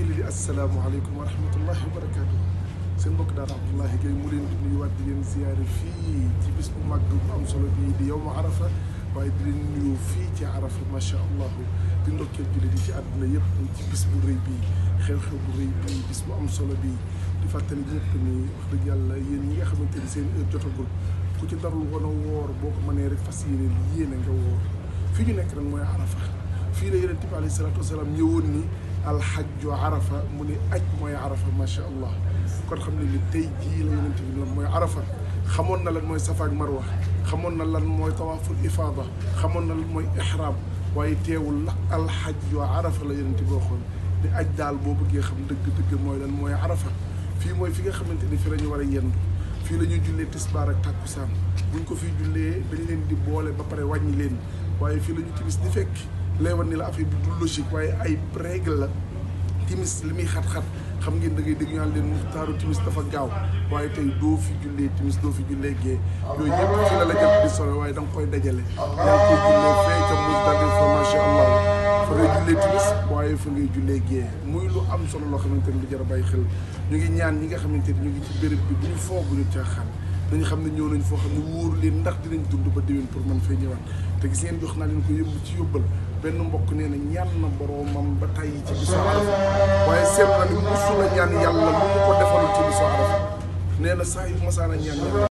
السلام عليكم ورحمة الله وبركاته سين بوك عبد الله جاي مولين نيو وات زيارة في تي بيس بو ماك دو ام سولو بي دي يوم عرفة واي دي نيو في تي عرفة ما شاء الله دي نوك جولي دي في عدنا يب تي بيس بو ري بي خير خير بو ري بي بيس بو ام سولو بي دي فاتن جيب ني وخد يالا يين يا خمان تي سين اير جوتو غول كو تي دار لو غونا وور بوك ماني ريك فاسيني لي يين نغا وور في ني ما رن موي عرفة في لا يونس تي عليه الصلاه والسلام نيوون ني alxajju arafa mu ni aj mooy arafa macha allah kon xam ne ni tey jii la yonent bi lan mooy arafa xamoon na lan mooy safa ak marwa xamoon na lan mooy tawaaful ifaada xamoon na lan mooy ihraam waaye teewul la alxajju arafa la yonent bi waxoon di aj daal boo bëggee xam dëgg-dëgg mooy lan mooy arafa fii mooy fi nga xamante ni fi la ñu war a yendu fii la ñuy jullee tisbaar ak tàkkusaan buñ ko fi jullee dañ leen di boole ba pare wàññi leen waaye fii la ñu timis di fekk lay wan ni la affaire bi du logique waaye ay règle la timis li muy xat-xat xam ngeen da ngay dégg ñu naan leen muxtaaru timis dafa gaaw waaye tey doo fi jullee timis doo fi jullee gee yooyu yëpp fi solo waaye da koy dajale yaa ngi koy jullee fee ngay jullee waaye fa ngay jullee gee muy lu am solo loo xamante ni lu jar a bàyyi xel ñu ngi ñaan ñi nga xamante ni ñu ngi ci béréb bi bu ñu foog bu ñu caaxaan nañu xam ne ñëw nañ foo xam ne wóor leen ndax dinañ dund ba déwén pour man fee ñëwaat te gis ngeen jox naa leen ko yóbbu benn mbokk nee na ñaan na boroomam ba tey ci bisu arafa waaye seet na ni musu la ñaan yàlla lu mu ko defal ci bisu arafa nee na saa yu masaana ñaan yàlla